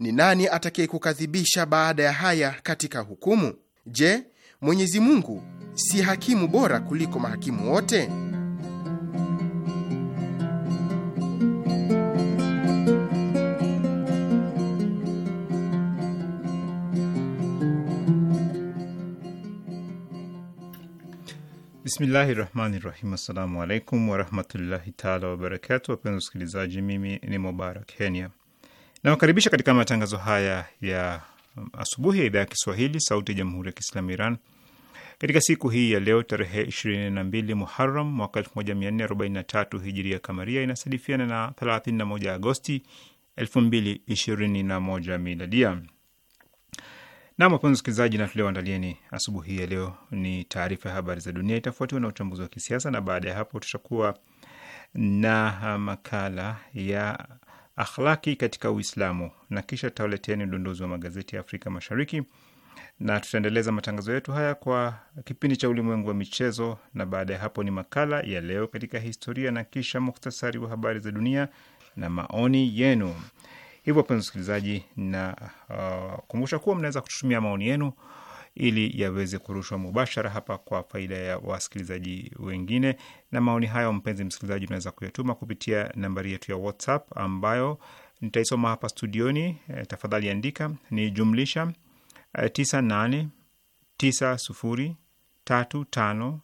ni nani atakayekukadhibisha baada ya haya katika hukumu? Je, Mwenyezi Mungu si hakimu bora kuliko mahakimu wote? Bismillahi rahmani rahim. Assalamu alaikum warahmatullahi taala wabarakatu. Wapenzi wasikilizaji, mimi ni Mubarak Kenya Nawakaribisha katika matangazo haya ya asubuhi ya idhaa ya Kiswahili sauti ya jamhuri ya kiislamu Iran katika siku hii ya leo tarehe 22 muharam mwaka 1443 hijiria kamaria, inasadifiana na 31 Agosti 2021 miladia. Na wapenzi wasikilizaji, na tulioandalieni asubuhi ya leo ni taarifa ya habari za dunia, itafuatiwa na uchambuzi wa kisiasa, na baada ya hapo tutakuwa na makala ya akhlaki katika Uislamu, na kisha tutawaleteni udondozi wa magazeti ya Afrika Mashariki na tutaendeleza matangazo yetu haya kwa kipindi cha ulimwengu wa michezo, na baada ya hapo ni makala ya leo katika historia, na kisha muhtasari wa habari za dunia na maoni yenu. Hivyo wapenzi wasikilizaji, na uh, kumbusha kuwa mnaweza kututumia maoni yenu ili yaweze kurushwa mubashara hapa kwa faida ya wasikilizaji wengine. Na maoni hayo, mpenzi msikilizaji, unaweza kuyatuma kupitia nambari yetu ya WhatsApp ambayo nitaisoma hapa studioni. Eh, tafadhali andika ni jumlisha e, tisa nane tisa sufuri 6 tano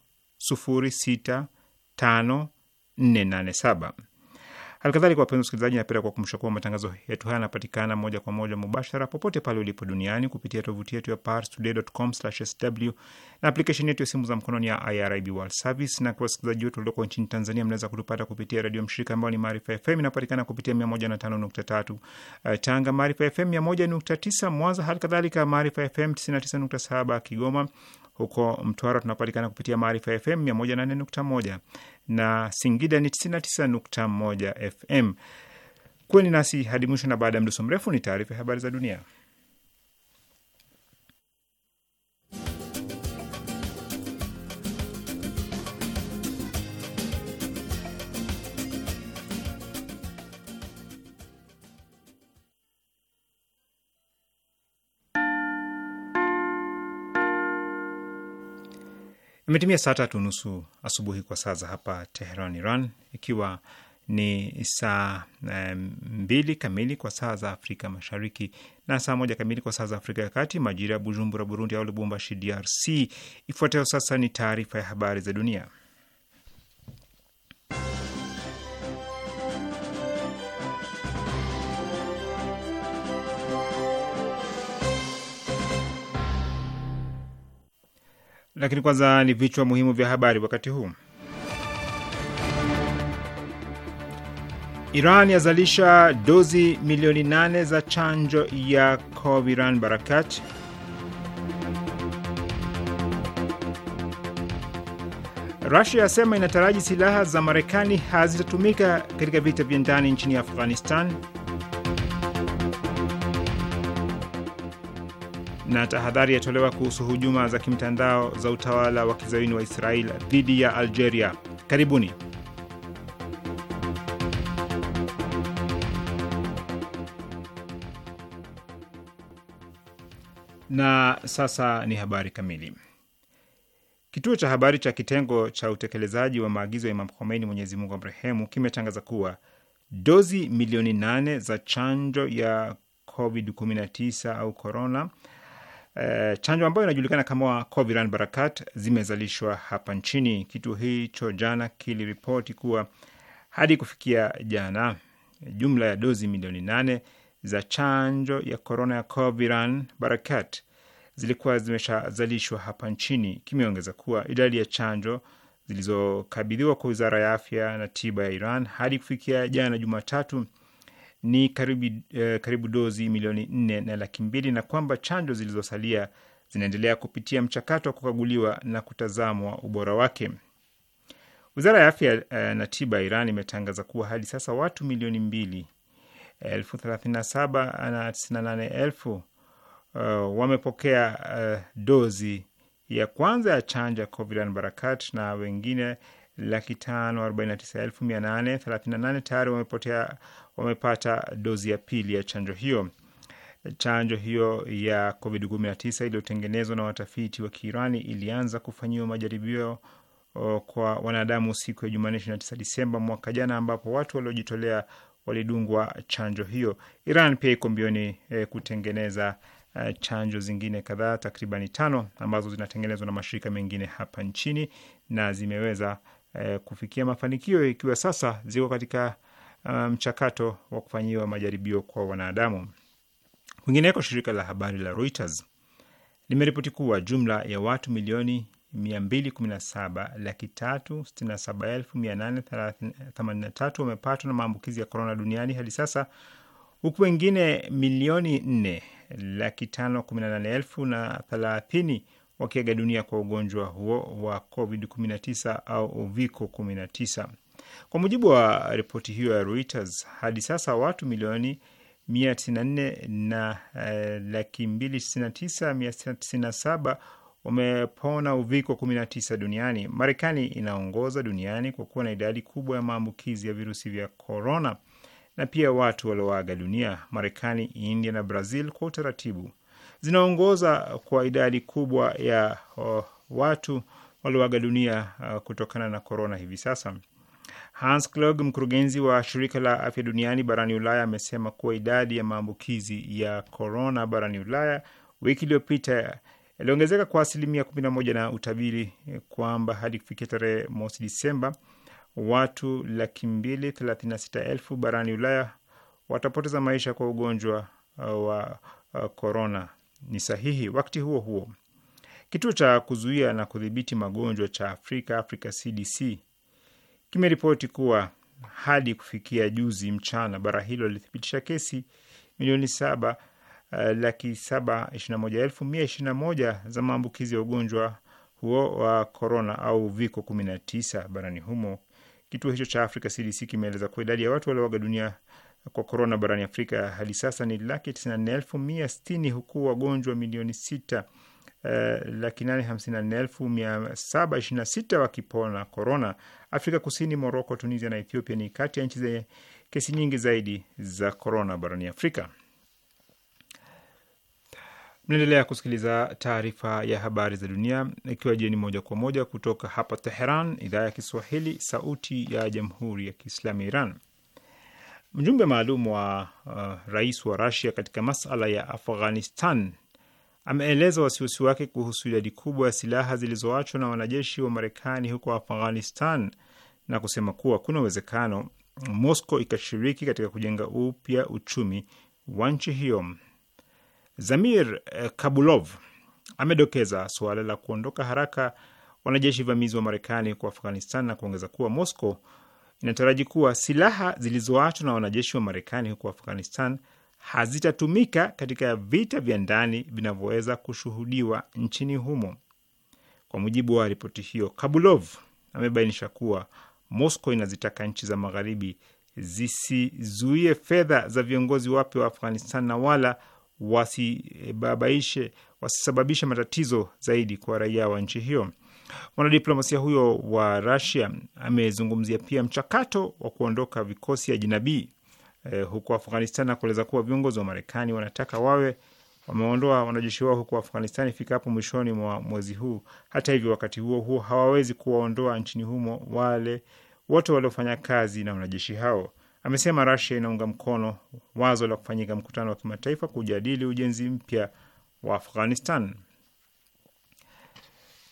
4 sita Halikadhalika, wapenzi wasikilizaji, napenda kuwakumbusha kuwa matangazo yetu haya yanapatikana moja kwa moja mubashara popote pale ulipo duniani kupitia tovuti yetu ya parstoday.com/sw na aplikesheni yetu ya simu za mkononi ya IRIB World Service. Na kwa wasikilizaji wetu walioko nchini Tanzania, mnaweza kutupata kupitia redio mshirika ambayo ni Maarifa FM, inapatikana kupitia 105.3 eh, Tanga, Maarifa FM 101.9 Mwanza, halikadhalika Maarifa FM 99.7 Kigoma, huko Mtwara tunapatikana kupitia Maarifa FM 108.1 na Singida ni 99.1 FM. Kuweni nasi hadi mwisho, na baada ya mdoso mrefu ni taarifa ya habari za dunia. Imetimia saa tatu nusu asubuhi kwa saa za hapa Teheran, Iran, ikiwa ni saa mbili kamili kwa saa za Afrika Mashariki na saa moja kamili kwa saa za Afrika ya Kati, majira ya Bujumbura, Burundi, au Lubumbashi, DRC. Ifuatayo sasa ni taarifa ya habari za dunia. lakini kwanza ni vichwa muhimu vya habari wakati huu. Iran yazalisha dozi milioni nane za chanjo ya Coviran Barakat. Rusia yasema inataraji silaha za Marekani hazitatumika katika vita vya ndani nchini Afghanistan. na tahadhari yatolewa kuhusu hujuma za kimtandao za utawala wa kizayuni wa Israel dhidi ya Algeria. Karibuni. Na sasa ni habari kamili. Kituo cha habari cha kitengo cha utekelezaji wa maagizo ya Imam Khomeini, Mwenyezi Mungu amrehemu, kimetangaza kuwa dozi milioni nane za chanjo ya COVID-19 au corona Eh, chanjo ambayo inajulikana kama Coviran Barakat zimezalishwa hapa nchini. Kituo hicho jana kiliripoti kuwa hadi kufikia jana jumla ya dozi milioni nane za chanjo ya korona ya Coviran Barakat zilikuwa zimeshazalishwa hapa nchini. Kimeongeza kuwa idadi ya chanjo zilizokabidhiwa kwa wizara ya afya na tiba ya Iran hadi kufikia jana Jumatatu ni karibu, eh, karibu dozi milioni nne na laki mbili na kwamba chanjo zilizosalia zinaendelea kupitia mchakato wa kukaguliwa na kutazamwa ubora wake. Wizara ya afya eh, na tiba Iran imetangaza kuwa hadi sasa watu milioni mbili elfu thelathini na saba na tisini na nane elfu uh, wamepokea uh, dozi ya kwanza ya chanjo ya Coviran Barakat na wengine laki tano arobaini na tisa elfu mia nane thelathini na nane tayari wamepotea, wamepata dozi ya pili ya chanjo hiyo. Chanjo hiyo ya COVID-19 iliyotengenezwa na watafiti wa Kiirani ilianza kufanyiwa majaribio kwa wanadamu siku ya Jumanne 29 Disemba mwaka jana, ambapo watu waliojitolea walidungwa chanjo hiyo. Iran pia iko mbioni e, kutengeneza e, chanjo zingine kadhaa takribani tano ambazo zinatengenezwa na mashirika mengine hapa nchini na zimeweza Eh, kufikia mafanikio ikiwa sasa ziko katika eh, mchakato um, wa kufanyiwa majaribio kwa wanadamu. Kwingineko, shirika la habari la Reuters limeripoti kuwa jumla ya watu milioni 217 laki 367,883 wamepatwa na maambukizi ya korona duniani hadi sasa huku wengine milioni 4 laki 518,030 wakiaga dunia kwa ugonjwa huo wa COVID-19 au uviko 19. Kwa mujibu wa ripoti hiyo ya Reuters, hadi sasa watu milioni 194 na eh, laki 299,697 wamepona uviko 19 duniani. Marekani inaongoza duniani kwa kuwa na idadi kubwa ya maambukizi ya virusi vya korona na pia watu walioaga dunia. Marekani, India na Brazil kwa utaratibu zinaongoza kwa idadi kubwa ya uh, watu walioaga dunia uh, kutokana na korona hivi sasa. Hans clog mkurugenzi wa shirika la afya duniani barani Ulaya, amesema kuwa idadi ya maambukizi ya korona barani Ulaya wiki iliyopita yaliongezeka kwa asilimia 11 na utabiri e, kwamba hadi kufikia tarehe mosi Disemba watu laki mbili thelathini na sita elfu barani Ulaya watapoteza maisha kwa ugonjwa wa korona ni sahihi. Wakati huo huo, kituo cha kuzuia na kudhibiti magonjwa cha Afrika, Africa CDC, kimeripoti kuwa hadi kufikia juzi mchana bara hilo lilithibitisha kesi milioni saba uh, laki saba ishirini na moja elfu mia ishirini na moja za maambukizi ya ugonjwa huo wa korona au uviko 19 barani humo. Kituo hicho cha Africa CDC kimeeleza kuwa idadi ya watu walioaga dunia kwa korona barani Afrika hadi sasa ni laki tisini na nne elfu mia sitini huku wagonjwa milioni sita Uh, laki nane hamsini na nne elfu mia saba ishirini na sita wakipona korona. Afrika Kusini, Moroko, Tunisia na Ethiopia ni kati ya nchi zenye kesi nyingi zaidi za korona barani Afrika. Mnaendelea kusikiliza taarifa ya habari za dunia ikiwa jieni moja kwa moja kutoka hapa Teheran, idhaa ya Kiswahili, sauti ya jamhuri ya kiislamu ya Iran. Mjumbe maalum wa uh, rais wa Rasia katika masala ya Afghanistan ameeleza wasiwasi wake kuhusu idadi kubwa ya silaha zilizoachwa na wanajeshi wa Marekani huko Afghanistan na kusema kuwa kuna uwezekano Moscow ikashiriki katika kujenga upya uchumi wa nchi hiyo. Zamir eh, Kabulov amedokeza suala la kuondoka haraka wanajeshi vamizi wa Marekani huko Afghanistan na kuongeza kuwa Moscow inataraji kuwa silaha zilizoachwa na wanajeshi wa Marekani huko Afghanistan hazitatumika katika vita vya ndani vinavyoweza kushuhudiwa nchini humo. Kwa mujibu wa ripoti hiyo, Kabulov amebainisha kuwa Moscow inazitaka nchi za Magharibi zisizuie fedha za viongozi wapya wa Afghanistan na wala wasibabaishe, wasisababishe matatizo zaidi kwa raia wa nchi hiyo. Mwanadiplomasia huyo wa rasia amezungumzia pia mchakato wa kuondoka vikosi jinabii eh, huko Afghanistan na kueleza kuwa viongozi wa Marekani wanataka wawe wameondoa wanajeshi wao huko Afghanistan ifikapo mwishoni mwa mwezi huu. Hata hivyo, wakati huo huo hawawezi kuwaondoa nchini humo wale wote waliofanya kazi na wanajeshi hao. Amesema rasia inaunga mkono wazo la kufanyika mkutano wa kimataifa kujadili ujenzi mpya wa Afghanistan.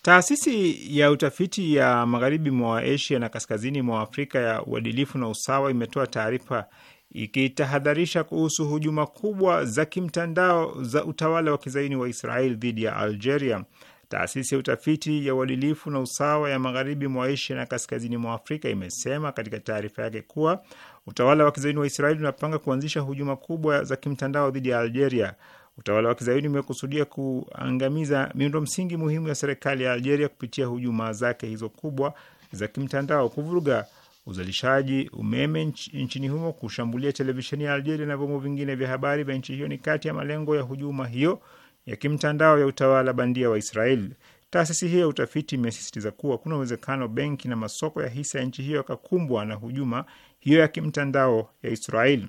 Taasisi ya utafiti ya magharibi mwa Asia na kaskazini mwa Afrika ya uadilifu na usawa imetoa taarifa ikitahadharisha kuhusu hujuma kubwa za kimtandao za utawala wa kizaini wa Israel dhidi ya Algeria. Taasisi ya utafiti ya uadilifu na usawa ya magharibi mwa Asia na kaskazini mwa Afrika imesema katika taarifa yake kuwa utawala wa kizaini wa Israeli unapanga kuanzisha hujuma kubwa za kimtandao dhidi ya Algeria. Utawala wa kizayuni umekusudia kuangamiza miundo msingi muhimu ya serikali ya Algeria kupitia hujuma zake hizo kubwa za kimtandao, kuvuruga uzalishaji umeme nchini humo, kushambulia televisheni ya Algeria na vyombo vingine vya habari vya nchi hiyo ni kati ya malengo ya hujuma hiyo ya kimtandao ya utawala bandia wa Israel. Taasisi hiyo ya utafiti imesisitiza kuwa kuna uwezekano benki na masoko ya hisa ya nchi hiyo yakakumbwa na hujuma hiyo ya kimtandao ya Israel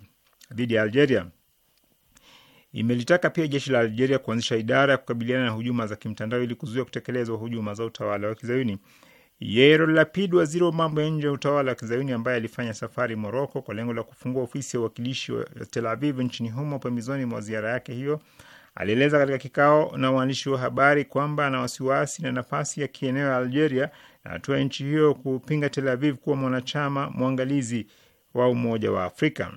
dhidi ya Algeria imelitaka pia jeshi la Algeria kuanzisha idara ya kukabiliana na hujuma za kimtandao ili kuzuia kutekelezwa hujuma za utawala wa kizayuni. Yair Lapid, waziri wa mambo ya nje ya utawala wa kizayuni ambaye alifanya safari Moroko kwa lengo la kufungua ofisi ya uwakilishi wa Tel Aviv nchini humo pembezoni mwa ziara yake hiyo, alieleza katika kikao na waandishi wa habari kwamba ana wasiwasi na nafasi ya kieneo ya Algeria na hatua ya nchi hiyo kupinga Tel Aviv kuwa mwanachama mwangalizi wa Umoja wa Afrika.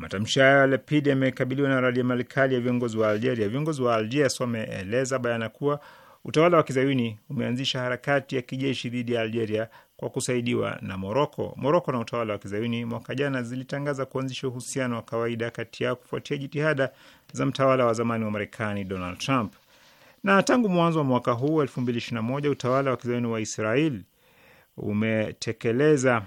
Matamshi hayo ya Lepid yamekabiliwa na ya malikali ya viongozi wa Algeria. Viongozi wa Algiers wameeleza bayana kuwa utawala wa kizayuni umeanzisha harakati ya kijeshi dhidi ya Algeria kwa kusaidiwa na Moroko. Moroko na utawala wa kizayuni mwaka jana zilitangaza kuanzisha uhusiano wa kawaida kati yao kufuatia jitihada za mtawala wa zamani wa Marekani Donald Trump. Na tangu mwanzo wa mwaka huu 2021 utawala wa kizayuni wa Israel umetekeleza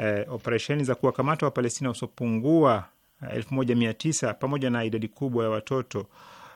eh, operesheni za kuwakamata Wapalestina wasiopungua 1900 pamoja na idadi kubwa ya watoto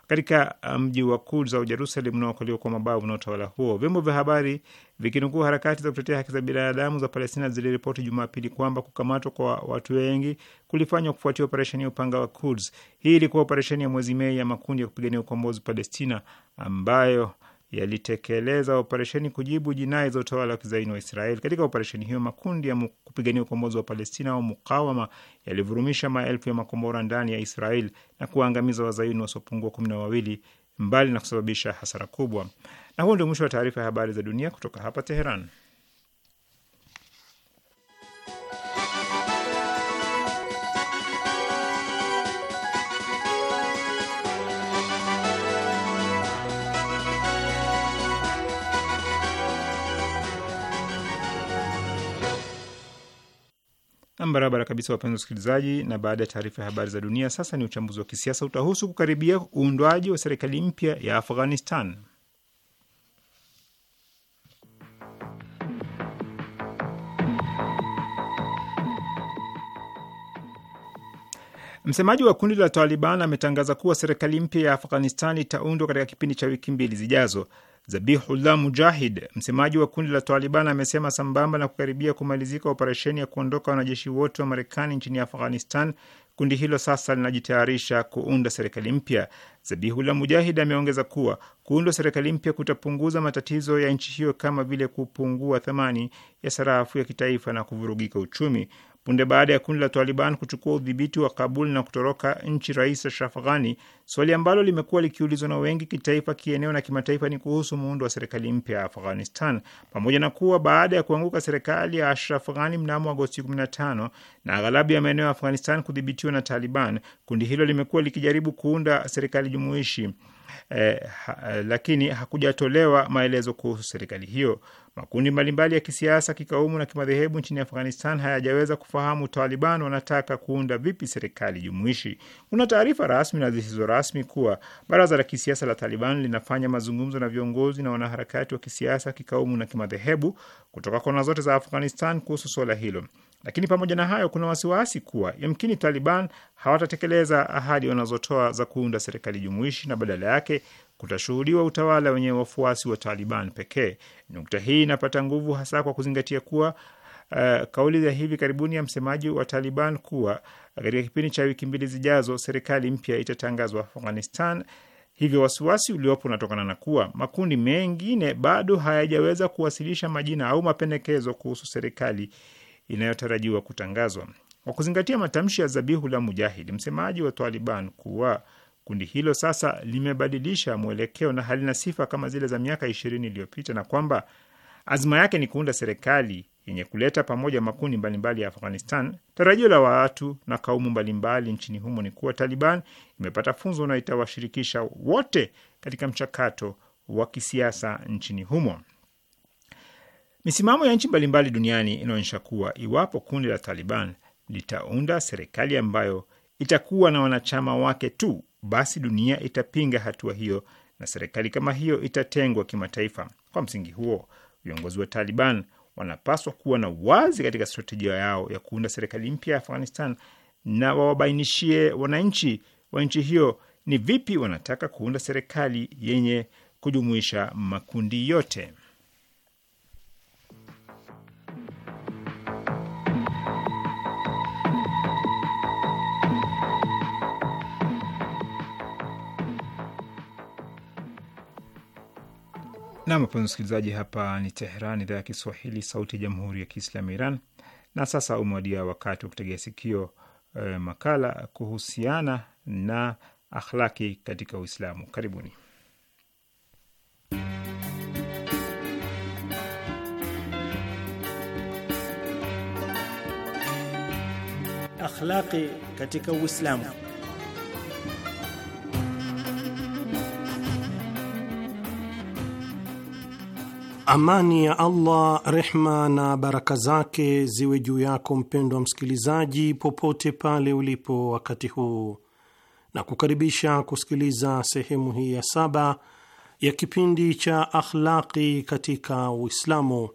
katika uh, mji wa Kuds au Jerusalem unaokaliwa kwa mabavu na utawala huo. Vyombo vya habari vikinukuu harakati za kutetea haki za binadamu za Palestina ziliripoti Jumapili kwamba kukamatwa kwa watu wengi kulifanywa kufuatia operesheni ya upanga wa Kuds. Hii ilikuwa operesheni ya mwezi Mei ya makundi ya kupigania ukombozi Palestina ambayo yalitekeleza operesheni kujibu jinai za utawala wa kizaini wa Israeli. Katika operesheni hiyo, makundi ya kupigania ukombozi wa Palestina au mukawama yalivurumisha maelfu ya makombora ndani ya israel na kuwaangamiza wazaini wasiopungua kumi na wawili, mbali na kusababisha hasara kubwa. Na huo ndio mwisho wa taarifa ya habari za dunia kutoka hapa Teheran. Nam barabara kabisa, wapenzi wasikilizaji, na baada ya taarifa ya habari za dunia, sasa ni uchambuzi wa kisiasa. Utahusu kukaribia uundwaji wa serikali mpya ya Afghanistan. Msemaji wa kundi la Taliban ametangaza kuwa serikali mpya ya Afghanistan itaundwa katika kipindi cha wiki mbili zijazo. Zabihullah Mujahid, msemaji wa kundi la Taliban, amesema sambamba na kukaribia kumalizika operesheni ya kuondoka wanajeshi wote wa Marekani nchini Afghanistan, kundi hilo sasa linajitayarisha kuunda serikali mpya. Zabihullah Mujahid ameongeza kuwa kuundwa serikali mpya kutapunguza matatizo ya nchi hiyo kama vile kupungua thamani ya sarafu ya kitaifa na kuvurugika uchumi. Punde baada ya kundi la Taliban kuchukua udhibiti wa Kabul na kutoroka nchi Rais Ashraf Ghani, swali ambalo limekuwa likiulizwa na wengi kitaifa, kieneo na kimataifa ni kuhusu muundo wa serikali mpya ya Afghanistan. Pamoja na kuwa baada ya kuanguka serikali ya Ashraf Ghani mnamo Agosti 15 na aghalabu ya maeneo ya Afghanistan kudhibitiwa na Taliban, kundi hilo limekuwa likijaribu kuunda serikali jumuishi eh, ha, eh, lakini hakujatolewa maelezo kuhusu serikali hiyo. Makundi mbalimbali ya kisiasa, kikaumu na kimadhehebu nchini Afghanistan hayajaweza kufahamu Taliban wanataka kuunda vipi serikali jumuishi. Kuna taarifa rasmi na zisizo rasmi kuwa baraza la kisiasa la Taliban linafanya mazungumzo na viongozi na wanaharakati wa kisiasa, kikaumu na kimadhehebu kutoka kona zote za Afghanistan kuhusu suala hilo. Lakini pamoja na hayo, kuna wasiwasi kuwa yamkini Taliban hawatatekeleza ahadi wanazotoa za kuunda serikali jumuishi na badala yake kutashuhudiwa utawala wenye wafuasi wa Taliban pekee. Nukta hii inapata nguvu hasa kwa kuzingatia kuwa Uh, kauli ya hivi karibuni ya msemaji wa Taliban kuwa katika kipindi cha wiki mbili zijazo serikali mpya itatangazwa Afghanistan. Hivyo wasiwasi uliopo unatokana na kuwa makundi mengine bado hayajaweza kuwasilisha majina au mapendekezo kuhusu serikali inayotarajiwa kutangazwa. Kwa kuzingatia matamshi ya Zabihullah Mujahid, msemaji wa Taliban, kuwa kundi hilo sasa limebadilisha mwelekeo na halina sifa kama zile za miaka ishirini iliyopita na kwamba azma yake ni kuunda serikali yenye kuleta pamoja makundi mbalimbali ya Afghanistan. Tarajio la watu na kaumu mbalimbali nchini humo ni kuwa Taliban imepata funzo na itawashirikisha wote katika mchakato wa kisiasa nchini humo. Misimamo ya nchi mbalimbali duniani inaonyesha kuwa iwapo kundi la Taliban litaunda serikali ambayo itakuwa na wanachama wake tu basi dunia itapinga hatua hiyo na serikali kama hiyo itatengwa kimataifa. Kwa msingi huo, viongozi wa Taliban wanapaswa kuwa na wazi katika stratejia yao ya kuunda serikali mpya ya Afghanistan na wawabainishie wananchi wa nchi hiyo ni vipi wanataka kuunda serikali yenye kujumuisha makundi yote. Nam wapenzi msikilizaji, hapa ni Teheran, idhaa ya Kiswahili, sauti ya jamhuri ya kiislamu ya Iran. Na sasa umewadia wakati wa kutegea sikio eh, makala kuhusiana na akhlaki katika Uislamu. Karibuni. Akhlaqi katika Uislamu. Amani ya Allah, rehma na baraka zake ziwe juu yako mpendwa msikilizaji, popote pale ulipo wakati huu, na kukaribisha kusikiliza sehemu hii ya saba ya kipindi cha Akhlaqi katika Uislamu,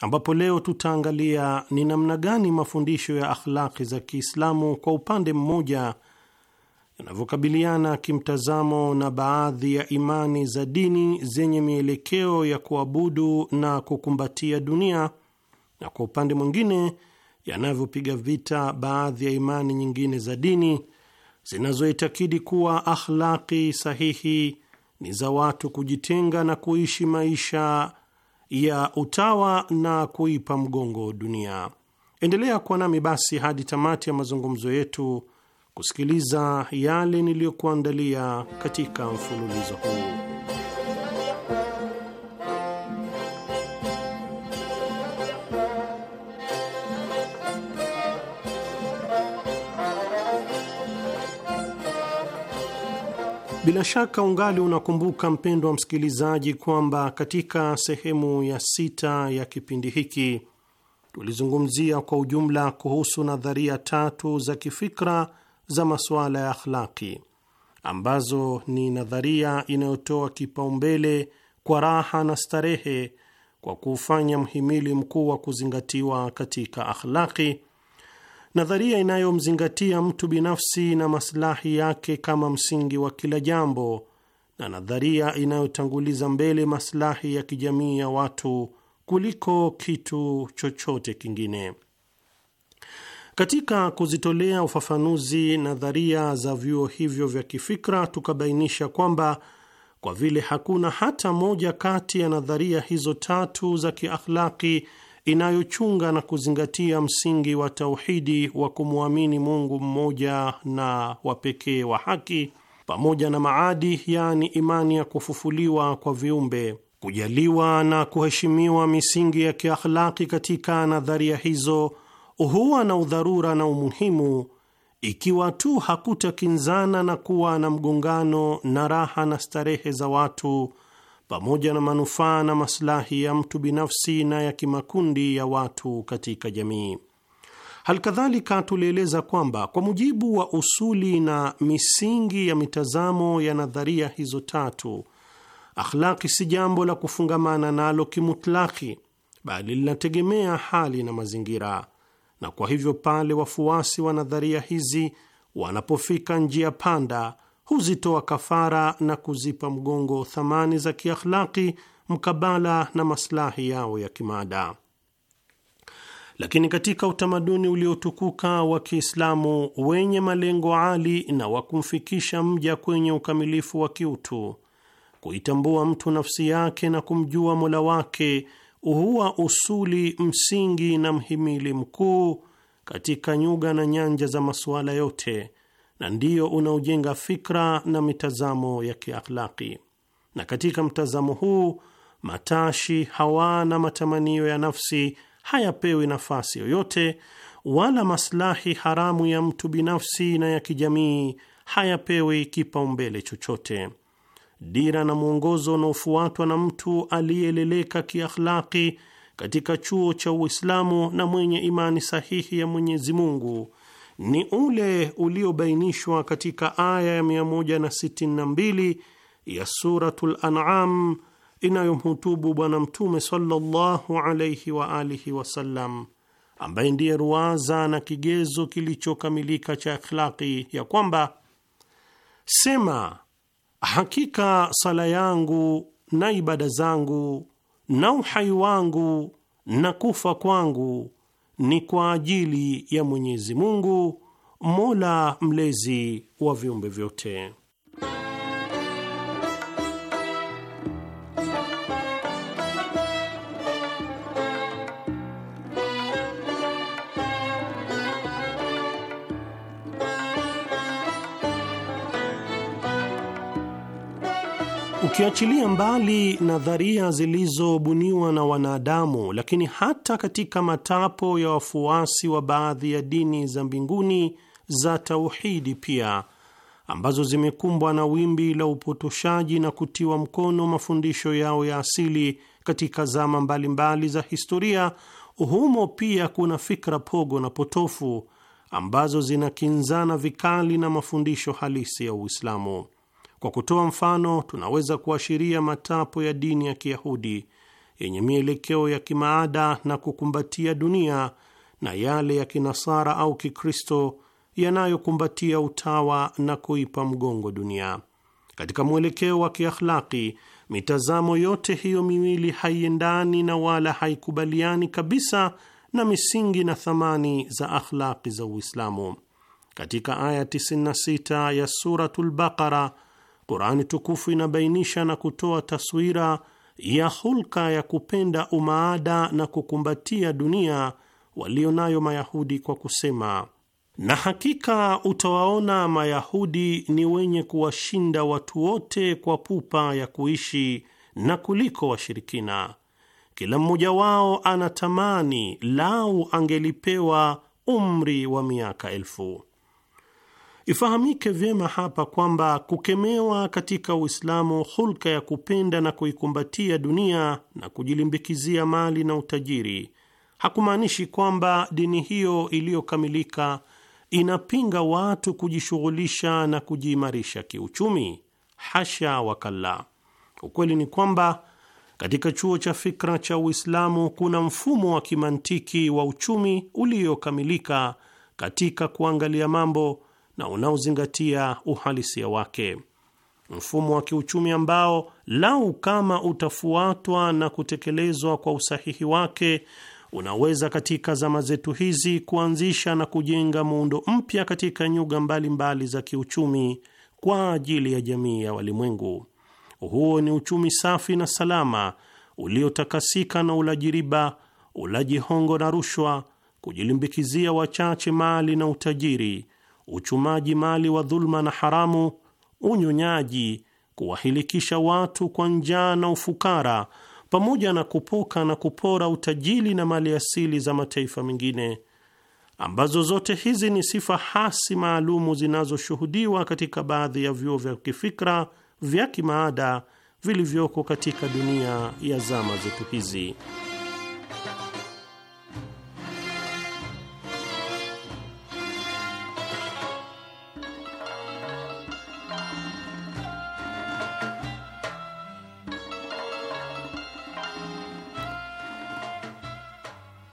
ambapo leo tutaangalia ni namna gani mafundisho ya akhlaqi za Kiislamu kwa upande mmoja yanavyokabiliana kimtazamo na baadhi ya imani za dini zenye mielekeo ya kuabudu na kukumbatia dunia, na kwa upande mwingine yanavyopiga vita baadhi ya imani nyingine za dini zinazoitakidi kuwa akhlaki sahihi ni za watu kujitenga na kuishi maisha ya utawa na kuipa mgongo dunia. Endelea kuwa nami basi hadi tamati ya mazungumzo yetu kusikiliza yale niliyokuandalia katika mfululizo huu. Bila shaka ungali unakumbuka mpendwa msikilizaji, kwamba katika sehemu ya sita ya kipindi hiki tulizungumzia kwa ujumla kuhusu nadharia tatu za kifikra za masuala ya akhlaki ambazo ni nadharia inayotoa kipaumbele kwa raha na starehe kwa kufanya mhimili mkuu wa kuzingatiwa katika akhlaki, nadharia inayomzingatia mtu binafsi na maslahi yake kama msingi wa kila jambo, na nadharia inayotanguliza mbele maslahi ya kijamii ya watu kuliko kitu chochote kingine. Katika kuzitolea ufafanuzi nadharia za vyuo hivyo vya kifikra, tukabainisha kwamba kwa vile hakuna hata moja kati ya nadharia hizo tatu za kiakhlaki inayochunga na kuzingatia msingi wa tauhidi wa kumwamini Mungu mmoja na wa pekee wa haki, pamoja na maadi, yaani imani ya kufufuliwa kwa viumbe, kujaliwa na kuheshimiwa misingi ya kiakhlaki katika nadharia hizo huwa na udharura na umuhimu ikiwa tu hakutakinzana na kuwa na mgongano na raha na starehe za watu pamoja na manufaa na maslahi ya mtu binafsi na ya kimakundi ya watu katika jamii. Halikadhalika, tulieleza kwamba kwa mujibu wa usuli na misingi ya mitazamo ya nadharia hizo tatu, akhlaki si jambo la kufungamana nalo kimutlaki, bali linategemea hali na mazingira na kwa hivyo pale wafuasi wa nadharia hizi wanapofika njia panda huzitoa kafara na kuzipa mgongo thamani za kiakhlaki mkabala na maslahi yao ya kimada Lakini katika utamaduni uliotukuka wa Kiislamu wenye malengo ali na wa kumfikisha mja kwenye ukamilifu wa kiutu, kuitambua mtu nafsi yake na kumjua Mola wake huwa usuli msingi na mhimili mkuu katika nyuga na nyanja za masuala yote, na ndiyo unaojenga fikra na mitazamo ya kiakhlaki. Na katika mtazamo huu matashi, hawa na matamanio ya nafsi hayapewi nafasi yoyote, wala maslahi haramu ya mtu binafsi na ya kijamii hayapewi kipaumbele chochote dira na mwongozo unaofuatwa na mtu aliyeleleka kiakhlaki katika chuo cha Uislamu na mwenye imani sahihi ya Mwenyezi Mungu ni ule uliobainishwa katika aya ya 162 ya Suratul An'am inayomhutubu Bwana Mtume sallallahu alayhi wa alihi wasallam, ambaye ndiye ruwaza na kigezo kilichokamilika cha akhlaqi, ya kwamba sema Hakika sala yangu na ibada zangu na uhai wangu na kufa kwangu ni kwa ajili ya Mwenyezi Mungu, Mola mlezi wa viumbe vyote. Tukiachilia mbali nadharia zilizobuniwa na wanadamu, lakini hata katika matapo ya wafuasi wa baadhi ya dini za mbinguni za tauhidi pia ambazo zimekumbwa na wimbi la upotoshaji na kutiwa mkono mafundisho yao ya asili katika zama mbalimbali mbali za historia. Humo pia kuna fikra pogo na potofu ambazo zinakinzana vikali na mafundisho halisi ya Uislamu. Kwa kutoa mfano, tunaweza kuashiria matapo ya dini ya Kiyahudi yenye mielekeo ya kimaada na kukumbatia dunia na yale ya Kinasara au Kikristo yanayokumbatia utawa na kuipa mgongo dunia. Katika mwelekeo wa kiakhlaki, mitazamo yote hiyo miwili haiendani na wala haikubaliani kabisa na misingi na thamani za akhlaki za Uislamu. Katika aya 96 ya Suratul Baqara Kurani tukufu inabainisha na kutoa taswira ya hulka ya kupenda umaada na kukumbatia dunia walio nayo Mayahudi kwa kusema, na hakika utawaona Mayahudi ni wenye kuwashinda watu wote kwa pupa ya kuishi na kuliko washirikina. Kila mmoja wao anatamani lau angelipewa umri wa miaka elfu. Ifahamike vyema hapa kwamba kukemewa katika Uislamu hulka ya kupenda na kuikumbatia dunia na kujilimbikizia mali na utajiri hakumaanishi kwamba dini hiyo iliyokamilika inapinga watu kujishughulisha na kujiimarisha kiuchumi. Hasha wakalla. Ukweli ni kwamba katika chuo cha fikra cha Uislamu kuna mfumo wa kimantiki wa uchumi uliokamilika katika kuangalia mambo na unaozingatia uhalisia wake, mfumo wa kiuchumi ambao lau kama utafuatwa na kutekelezwa kwa usahihi wake unaweza katika zama zetu hizi kuanzisha na kujenga muundo mpya katika nyuga mbalimbali mbali za kiuchumi kwa ajili ya jamii ya walimwengu. Huo ni uchumi safi na salama uliotakasika na ulaji riba, ulaji hongo na rushwa, kujilimbikizia wachache mali na utajiri, uchumaji mali wa dhuluma na haramu, unyonyaji, kuwahilikisha watu kwa njaa na ufukara, pamoja na kupoka na kupora utajiri na mali asili za mataifa mengine, ambazo zote hizi ni sifa hasi maalumu zinazoshuhudiwa katika baadhi ya vyuo vya kifikra vya kimaada vilivyoko katika dunia ya zama zetu hizi.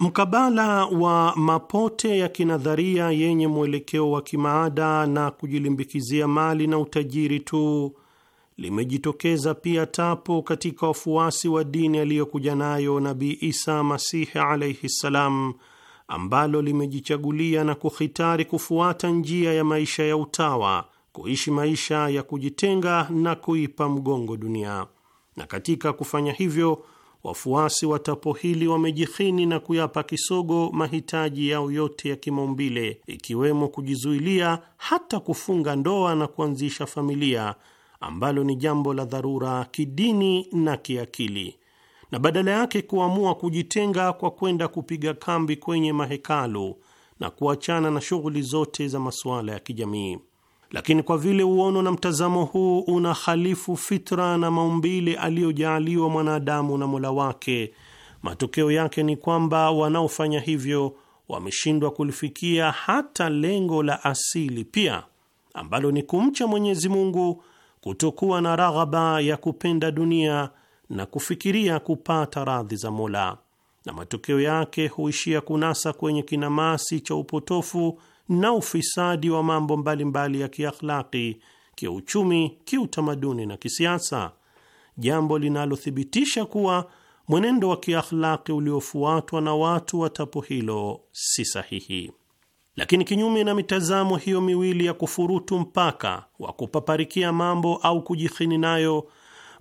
Mkabala wa mapote ya kinadharia yenye mwelekeo wa kimaada na kujilimbikizia mali na utajiri tu, limejitokeza pia tapo katika wafuasi wa dini aliyokuja nayo Nabii Isa Masihi alaihi ssalam, ambalo limejichagulia na kuhitari kufuata njia ya maisha ya utawa, kuishi maisha ya kujitenga na kuipa mgongo dunia, na katika kufanya hivyo wafuasi wa tapo hili wamejihini na kuyapa kisogo mahitaji yao yote ya kimaumbile, ikiwemo kujizuilia hata kufunga ndoa na kuanzisha familia, ambalo ni jambo la dharura kidini na kiakili, na badala yake kuamua kujitenga kwa kwenda kupiga kambi kwenye mahekalu na kuachana na shughuli zote za masuala ya kijamii lakini kwa vile uono na mtazamo huu una fitra na maumbile aliyojaaliwa mwanadamu na Mola wake, matokeo yake ni kwamba wanaofanya hivyo wameshindwa kulifikia hata lengo la asili pia ambalo ni kumcha Mwenyezi Mungu, kutokuwa na raghaba ya kupenda dunia na kufikiria kupata radhi za Mola, na matokeo yake huishia kunasa kwenye kinamasi cha upotofu na ufisadi wa mambo mbalimbali mbali ya kiakhlaki, kiuchumi, kiutamaduni na kisiasa, jambo linalothibitisha kuwa mwenendo wa kiakhlaki uliofuatwa na watu wa tapo hilo si sahihi. Lakini kinyume na mitazamo hiyo miwili ya kufurutu mpaka wa kupaparikia mambo au kujihini nayo,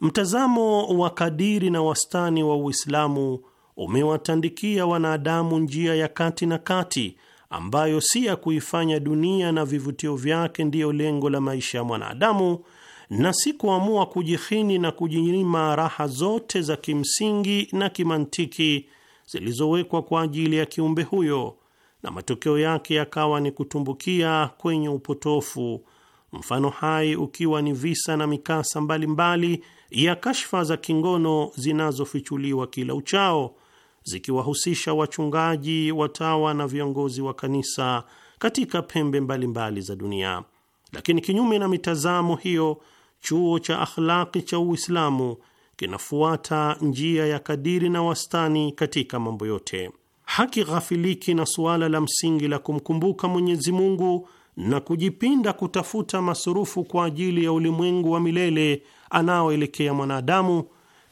mtazamo wa kadiri na wastani wa Uislamu umewatandikia wanadamu njia ya kati na kati ambayo si ya kuifanya dunia na vivutio vyake ndiyo lengo la maisha ya mwanadamu na si kuamua kujihini na kujinyima raha zote za kimsingi na kimantiki zilizowekwa kwa ajili ya kiumbe huyo, na matokeo yake yakawa ni kutumbukia kwenye upotofu, mfano hai ukiwa ni visa na mikasa mbalimbali mbali ya kashfa za kingono zinazofichuliwa kila uchao zikiwahusisha wachungaji, watawa na viongozi wa kanisa katika pembe mbalimbali mbali za dunia. Lakini kinyume na mitazamo hiyo, chuo cha akhlaki cha Uislamu kinafuata njia ya kadiri na wastani katika mambo yote. Haki ghafiliki na suala la msingi la kumkumbuka Mwenyezi Mungu na kujipinda kutafuta masurufu kwa ajili ya ulimwengu wa milele anaoelekea mwanadamu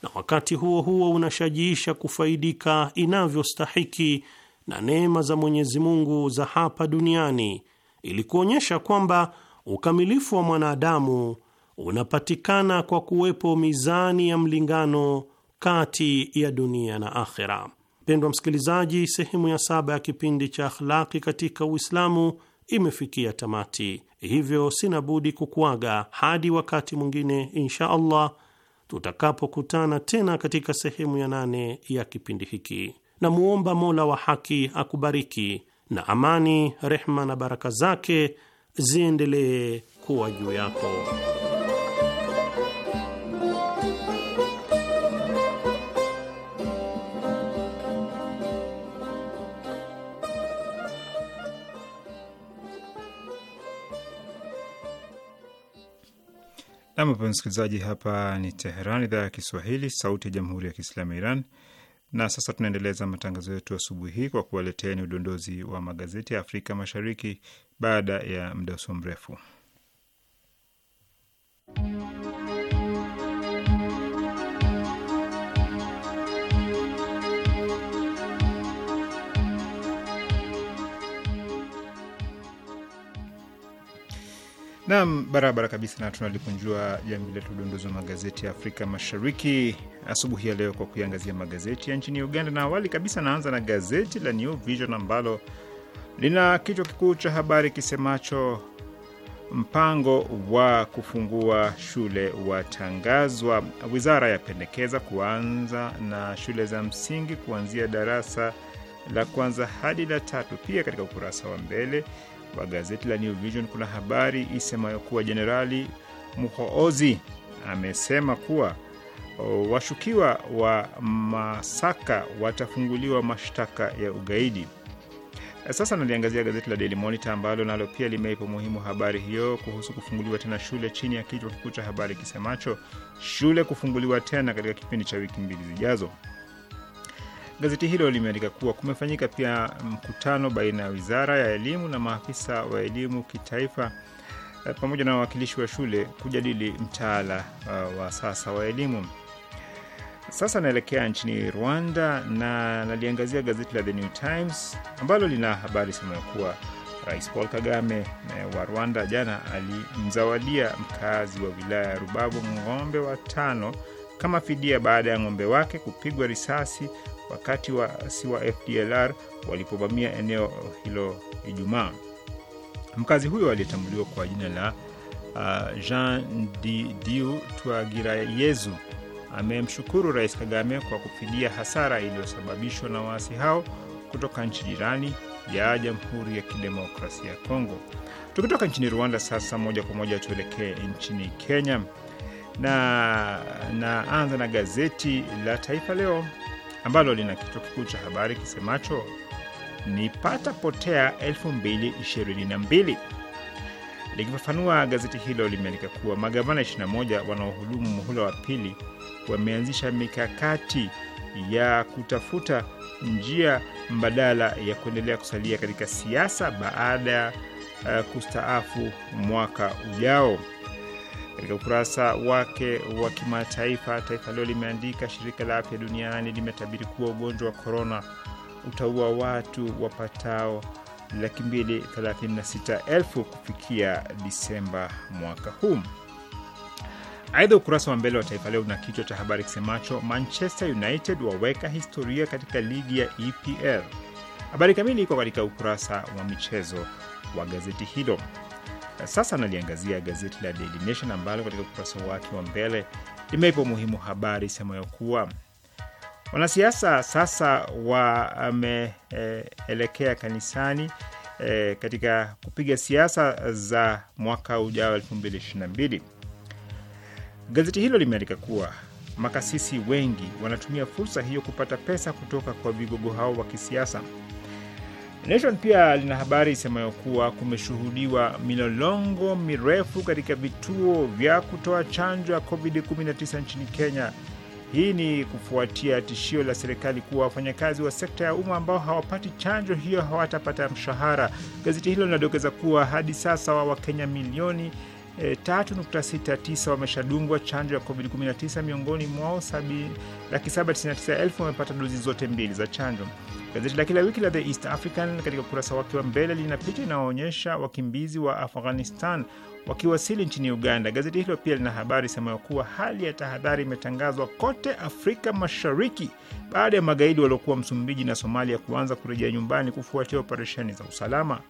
na wakati huo huo unashajiisha kufaidika inavyostahiki na neema za Mwenyezi Mungu za hapa duniani ili kuonyesha kwamba ukamilifu wa mwanadamu unapatikana kwa kuwepo mizani ya mlingano kati ya dunia na akhera. Mpendwa msikilizaji, sehemu ya saba ya kipindi cha Akhlaki katika Uislamu imefikia tamati, hivyo sina budi kukuaga hadi wakati mwingine insha Allah tutakapokutana tena katika sehemu ya nane ya kipindi hiki. Namuomba Mola wa haki akubariki, na amani, rehma na baraka zake ziendelee kuwa juu yako. Nam wapenzi msikilizaji, hapa ni Teheran, idhaa ya Kiswahili, sauti ya jamhuri ya kiislamu ya Iran. Na sasa tunaendeleza matangazo yetu asubuhi hii kwa kuwaleteni udondozi wa magazeti ya Afrika Mashariki baada ya muda usio mrefu. Nam, barabara kabisa, na tunalikunjua jamvi letu udondozi wa magazeti ya Afrika Mashariki asubuhi ya leo kwa kuiangazia magazeti ya nchini Uganda, na awali kabisa naanza na gazeti la New Vision ambalo lina kichwa kikuu cha habari kisemacho mpango wa kufungua shule watangazwa, wizara yapendekeza kuanza na shule za msingi kuanzia darasa la kwanza hadi la tatu. Pia katika ukurasa wa mbele kwa gazeti la New Vision kuna habari isemayo kuwa Jenerali Muhoozi amesema kuwa washukiwa wa Masaka watafunguliwa mashtaka ya ugaidi. Sasa naliangazia gazeti la Daily Monitor ambalo nalo pia limeipa muhimu habari hiyo kuhusu kufunguliwa tena shule chini ya kichwa kikuu cha habari kisemacho shule kufunguliwa tena katika kipindi cha wiki mbili zijazo. Gazeti hilo limeandika kuwa kumefanyika pia mkutano baina ya wizara ya elimu na maafisa wa elimu kitaifa eh, pamoja na wawakilishi wa shule kujadili mtaala eh, wa sasa wa elimu. Sasa naelekea nchini Rwanda na naliangazia gazeti la The New Times ambalo lina habari semayo kuwa Rais Paul Kagame eh, wa Rwanda jana alimzawadia mkazi wa wilaya ya Rubavu ng'ombe watano kama fidia baada ya ng'ombe wake kupigwa risasi wakati waasi wa FDLR walipovamia eneo hilo Ijumaa. Mkazi huyo aliyetambuliwa kwa jina la uh, Jean diu Twagirayezu amemshukuru Rais Kagame kwa kufidia hasara iliyosababishwa na waasi hao kutoka nchi jirani ya Jamhuri ya Kidemokrasia ya Kongo. Tukitoka nchini Rwanda sasa, moja kwa moja tuelekee nchini Kenya na naanza na gazeti la Taifa Leo ambalo lina kichwa kikuu cha habari kisemacho ni pata potea 2022. Likifafanua, gazeti hilo limeandika kuwa magavana 21 wanaohudumu muhula wa pili wameanzisha mikakati ya kutafuta njia mbadala ya kuendelea kusalia katika siasa baada ya uh, eh, kustaafu mwaka ujao. Katika ukurasa wake wa kimataifa, Taifa Leo limeandika shirika la afya duniani limetabiri kuwa ugonjwa wa korona utaua watu wapatao laki mbili thelathini na sita elfu kufikia Disemba mwaka huu. Aidha, ukurasa wa mbele wa Taifa Leo una kichwa cha habari kisemacho Manchester United waweka historia katika ligi ya EPL. Habari kamili iko katika ukurasa wa michezo wa gazeti hilo. Sasa analiangazia gazeti la Daily Nation ambalo katika ukurasa wake wa mbele limeipa umuhimu habari ya kuwa wanasiasa sasa wameelekea kanisani e, katika kupiga siasa za mwaka ujao 2022. Gazeti hilo limeandika kuwa makasisi wengi wanatumia fursa hiyo kupata pesa kutoka kwa vigogo hao wa kisiasa. Nation pia lina habari isemayo kuwa kumeshuhudiwa milolongo mirefu katika vituo vya kutoa chanjo ya COVID-19 nchini Kenya. Hii ni kufuatia tishio la serikali kuwa wafanyakazi wa sekta ya umma ambao hawapati chanjo hiyo hawatapata mshahara. Gazeti hilo linadokeza kuwa hadi sasa wa Wakenya milioni 3.69 eh, wameshadungwa chanjo ya COVID-19, miongoni mwao laki 799,000 wamepata dozi zote mbili za chanjo. Gazeti la kila wiki la The East African katika ukurasa wake wa mbele lina picha inayoonyesha wakimbizi wa Afghanistan wakiwasili nchini Uganda. Gazeti hilo pia lina habari semayo kuwa hali ya tahadhari imetangazwa kote Afrika Mashariki baada ya magaidi waliokuwa Msumbiji na Somalia kuanza kurejea nyumbani kufuatia operesheni za usalama.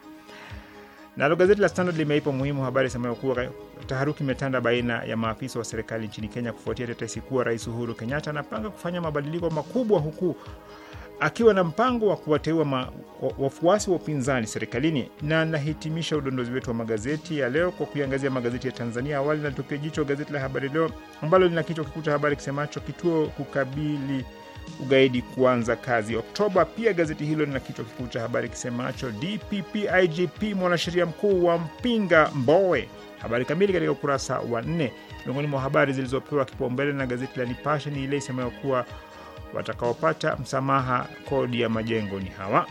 Nalo gazeti la Standard limeipa muhimu habari semayo kuwa taharuki imetanda baina ya maafisa wa serikali nchini Kenya kufuatia tetesi kuwa Rais Uhuru Kenyatta anapanga kufanya mabadiliko makubwa huku akiwa na mpango wa kuwateua wafuasi wa upinzani serikalini. Na nahitimisha udondozi wetu wa magazeti ya leo kwa kuiangazia magazeti ya Tanzania. Awali natupia jicho gazeti la Habari Leo ambalo lina kichwa kikuu cha habari kisemacho kituo kukabili ugaidi kuanza kazi Oktoba. Pia gazeti hilo lina kichwa kikuu cha habari kisemacho DPP IGP mwanasheria mkuu wa mpinga Mbowe. Habari kamili katika ukurasa wa nne. Miongoni mwa habari zilizopewa kipaumbele na gazeti la Nipashe ni ile isemayo kuwa Watakaopata msamaha kodi ya majengo ni hawa.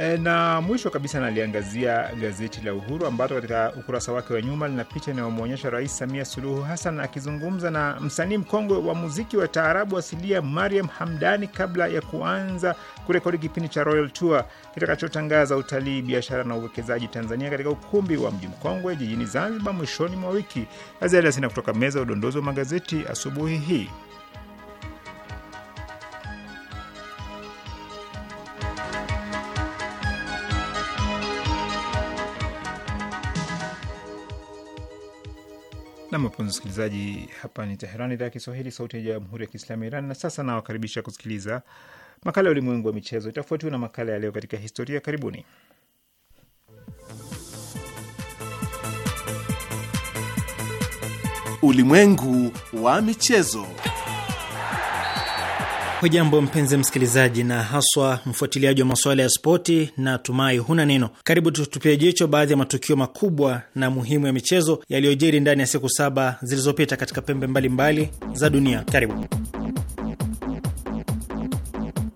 E, na mwisho kabisa naliangazia gazeti la Uhuru ambalo katika ukurasa wake wa nyuma lina picha inayomwonyesha Rais Samia Suluhu Hassan akizungumza na msanii mkongwe wa muziki wa taarabu asilia Mariam Hamdani kabla ya kuanza kurekodi kipindi cha Royal Tour kitakachotangaza utalii, biashara na uwekezaji Tanzania katika ukumbi wa Mji Mkongwe jijini Zanzibar mwishoni mwa wiki. Aziada kutoka meza udondozi wa magazeti asubuhi hii. Nam, wapenzi msikilizaji, hapa ni teheran idhaa ya Kiswahili, sauti ya jamhuri ya kiislamu ya Iran. Na sasa nawakaribisha kusikiliza makala ya ulimwengu wa michezo, itafuatiwa na makala ya leo katika historia. Karibuni. Ulimwengu wa michezo. Hujambo mpenzi msikilizaji na haswa mfuatiliaji wa masuala ya spoti, na tumai huna neno. Karibu tutupie jicho baadhi ya matukio makubwa na muhimu ya michezo yaliyojiri ndani ya siku saba zilizopita katika pembe mbalimbali mbali za dunia. Karibu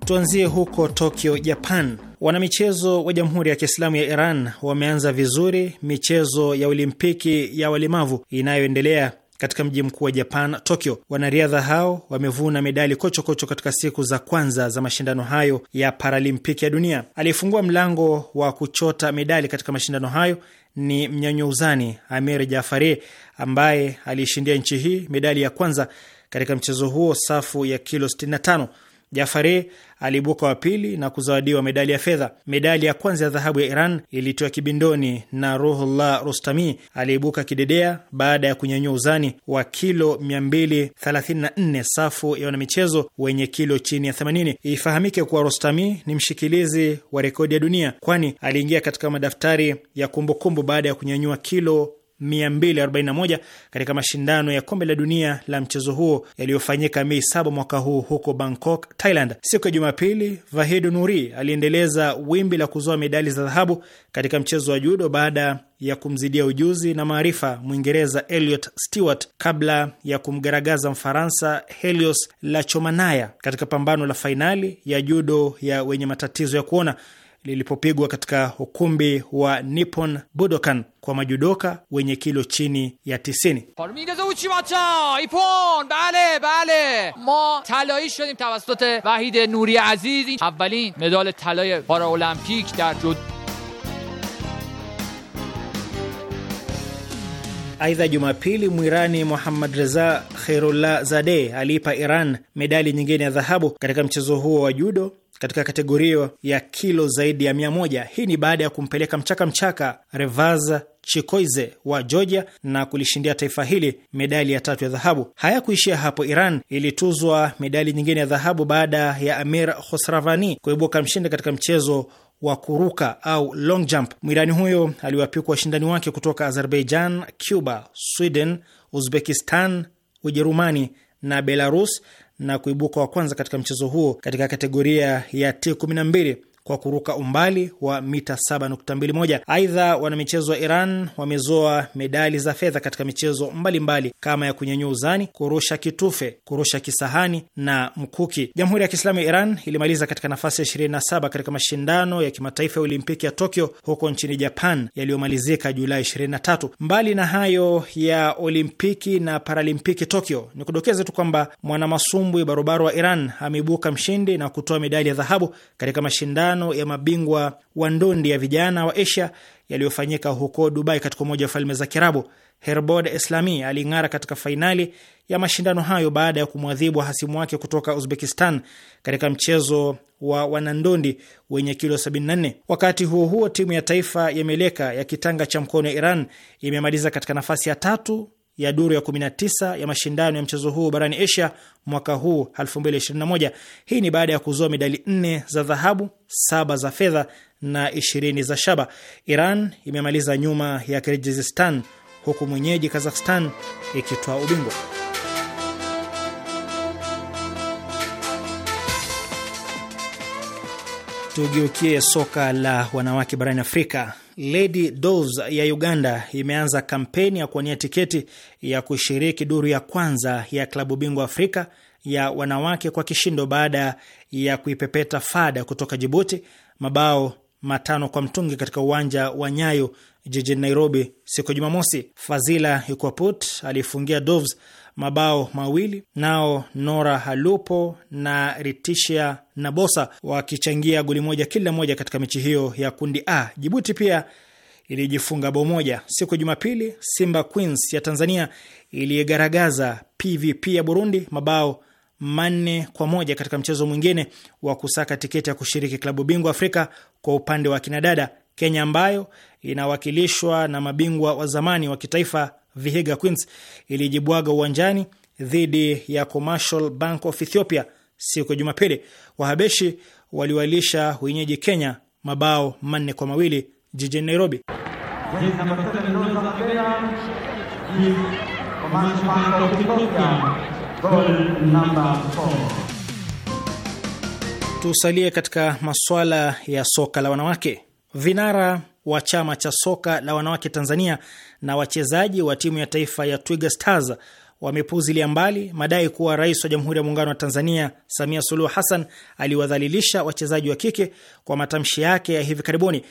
tuanzie huko Tokyo, Japan. Wanamichezo wa Jamhuri ya Kiislamu ya Iran wameanza vizuri michezo ya Olimpiki ya walemavu inayoendelea katika mji mkuu wa Japan, Tokyo. Wanariadha hao wamevuna medali kochokocho kocho katika siku za kwanza za mashindano hayo ya Paralimpiki ya dunia. Aliyefungua mlango wa kuchota medali katika mashindano hayo ni mnyanywa uzani Amir Jafari ambaye aliishindia nchi hii medali ya kwanza katika mchezo huo safu ya kilo 65. Jafari aliibuka wa pili na kuzawadiwa medali ya fedha. Medali ya kwanza ya dhahabu ya Iran ilitiwa kibindoni na Ruhullah Rostami aliibuka kidedea baada ya kunyanyua uzani wa kilo 234 safu ya wanamichezo wenye kilo chini ya 80. Ifahamike kuwa Rostami ni mshikilizi wa rekodi ya dunia, kwani aliingia katika madaftari ya kumbukumbu baada ya kunyanyua kilo 241 katika mashindano ya kombe la dunia la mchezo huo yaliyofanyika Mei 7 mwaka huu huko Bangkok, Thailand. Siku ya Jumapili, Vahid Nuri aliendeleza wimbi la kuzoa medali za dhahabu katika mchezo wa judo baada ya kumzidia ujuzi na maarifa Mwingereza Elliot Stewart kabla ya kumgaragaza Mfaransa Helios Lachomanaya katika pambano la fainali ya judo ya wenye matatizo ya kuona lilipopigwa katika ukumbi wa Nippon Budokan kwa majudoka wenye kilo chini ya 90. Nuri Aziz medal dar Aidha, Jumapili Mwirani Muhammad Reza Khairullah Zadeh aliipa Iran medali nyingine ya dhahabu katika mchezo huo wa judo katika kategoria ya kilo zaidi ya 100. Hii ni baada ya kumpeleka mchaka mchaka Revaz Chikoize wa Georgia na kulishindia taifa hili medali ya tatu ya dhahabu. Hayakuishia hapo, Iran ilituzwa medali nyingine ya dhahabu baada ya Amir Khosravani kuibuka mshindi katika mchezo wa kuruka au long jump. Mwirani huyo aliwapikwa washindani wake kutoka Azerbaijan, Cuba, Sweden, Uzbekistan, Ujerumani na Belarus na kuibuka wa kwanza katika mchezo huo katika kategoria ya T12 kwa kuruka umbali wa mita 7.21. Aidha, wanamichezo wa Iran wamezoa medali za fedha katika michezo mbalimbali mbali, kama ya kunyanyua uzani, kurusha kitufe, kurusha kisahani na mkuki. Jamhuri ya Kiislamu ya Iran ilimaliza katika nafasi ya 27 katika mashindano ya kimataifa ya Olimpiki ya Tokyo huko nchini Japan yaliyomalizika Julai 23. Mbali na hayo ya Olimpiki na Paralimpiki Tokyo, ni kudokeza tu kwamba mwanamasumbwi barobaro wa Iran ameibuka mshindi na kutoa medali ya dhahabu katika mashindano mashindano ya mabingwa wa ndondi ya vijana wa Asia yaliyofanyika huko Dubai katika Umoja wa Falme za Kiarabu. Herbod Islami aling'ara katika fainali ya mashindano hayo baada ya kumwadhibu hasimu wake kutoka Uzbekistan katika mchezo wa wanandondi wenye kilo 74. Wakati huo huo, timu ya taifa ya meleka ya kitanga cha mkono ya Iran imemaliza katika nafasi ya tatu ya duru ya 19 ya mashindano ya mchezo huu barani Asia mwaka huu 2021. Hii ni baada ya kuzoa medali nne za dhahabu, saba za fedha na 20 za shaba. Iran imemaliza nyuma ya Kirgizistan huku mwenyeji Kazakhstan ikitoa ubingwa. Tugeukie soka la wanawake barani Afrika. Lady Doves ya Uganda imeanza kampeni ya kuwania tiketi ya kushiriki duru ya kwanza ya klabu bingwa Afrika ya wanawake kwa kishindo baada ya kuipepeta Fada kutoka Jibuti mabao matano kwa mtungi katika uwanja wa Nyayo jijini Nairobi siku ya Jumamosi. Fazila Ikwaput alifungia Doves mabao mawili, nao Nora Halupo na Ritisha Nabosa wakichangia goli moja kila moja katika mechi hiyo ya kundi A. Jibuti pia ilijifunga bao moja. Siku ya Jumapili, Simba Queens ya Tanzania iliyegaragaza PVP ya Burundi mabao manne kwa moja katika mchezo mwingine wa kusaka tiketi ya kushiriki klabu bingwa Afrika kwa upande wa kinadada. Kenya ambayo inawakilishwa na mabingwa wa zamani wa kitaifa Vihiga Queens ilijibwaga uwanjani dhidi ya Commercial Bank of Ethiopia siku ya Jumapili. Wahabeshi waliwalisha wenyeji Kenya mabao manne kwa mawili jijini Nairobi. Tusalie katika maswala ya soka la wanawake. Vinara wa chama cha soka la wanawake Tanzania na wachezaji wa timu ya taifa ya Twiga Stars wamepuzilia mbali madai kuwa Rais wa Jamhuri ya Muungano wa Tanzania Samia Suluhu Hassan aliwadhalilisha wachezaji wa kike kwa matamshi yake ya hivi karibuni.